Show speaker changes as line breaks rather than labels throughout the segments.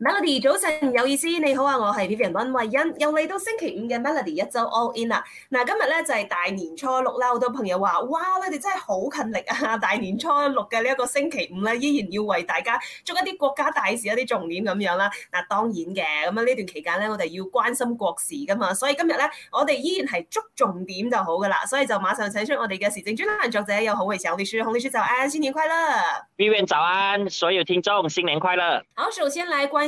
Melody 早晨有意思，你好啊，我係 Vivian 溫慧欣，又嚟到星期五嘅 Melody 一周 All In 啦。嗱，今日咧就係大年初六啦，好多朋友話哇，你哋真係好勤力啊！大年初六嘅呢一個星期五咧，依然要為大家捉一啲國家大事一啲重點咁樣啦。嗱，當然嘅，咁樣呢段期間咧，我哋要關心國事噶嘛，所以今日咧，我哋依然係捉重點就好噶啦。所以就馬上請出我哋嘅時政專欄作者有好洪偉強律師，洪律師早安，新年快樂。
Vivian 早安，所有聽眾新年快樂。
好，首先來關。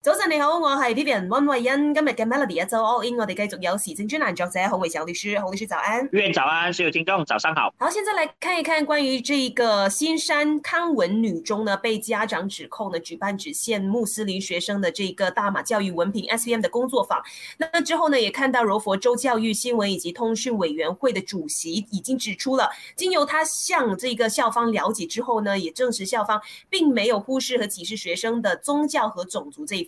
早晨你好，我係 Vivian 温慧欣今日嘅 Melody 一周 All In，我哋繼續有時政專欄作者孔偉成律師，孔律師早安。願
早安，所有聽眾早上好。好，現
在來看一看關於這個新山康文女中呢，被家長指控呢舉辦只限穆斯林學生的這個大馬教育文憑 SPM 的工作坊。那之後呢，也看到柔佛州教育新聞以及通訊委員會的主席已經指出了，經由他向這個校方了解之後呢，也證實校方並沒有忽視和歧視學生的宗教和種族這一。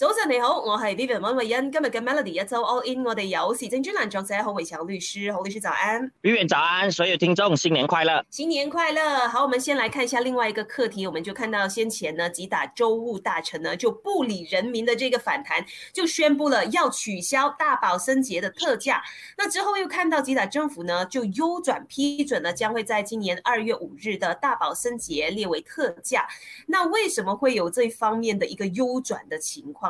早晨你好，我係 Vivian 溫慧欣，今日嘅 Melody 一周 All In，我哋遊戲正朱蘭作者，侯偉強律師，侯律師早安
，Vivian 早安，所有聽眾新年快樂，
新年快樂。好，我們先來看一下另外一個課題，我們就看到先前呢，吉打州務大臣呢就不理人民的這個反彈，就宣布了要取消大寶森節的特假。那之後又看到吉打政府呢就優轉批准呢，將會在今年二月五日的大寶森節列為特假。那為什麼會有這方面的一個優轉的情況？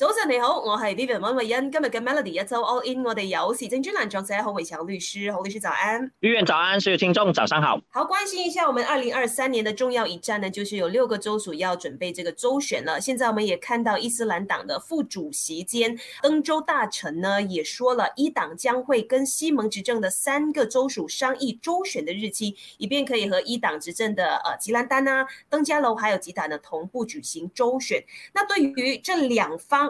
早晨你好，我係 Vivian 溫慧欣。今日嘅 Melody 一周 All In，我哋有時政專欄作者、侯偉強律師、侯律師早安。
Vivian 早安，所有聽眾早上好。
好，關心一下，我們二零二三年的重要一戰呢，就是有六個州屬要準備這個州選了。現在我們也看到伊斯蘭黨的副主席兼登州大臣呢，也說了，伊黨將會跟希盟執政的三個州屬商議州選的日期，以便可以和伊黨執政的呃吉蘭丹、啊、登嘉樓還有吉打呢同步舉行州選。那對於這兩方，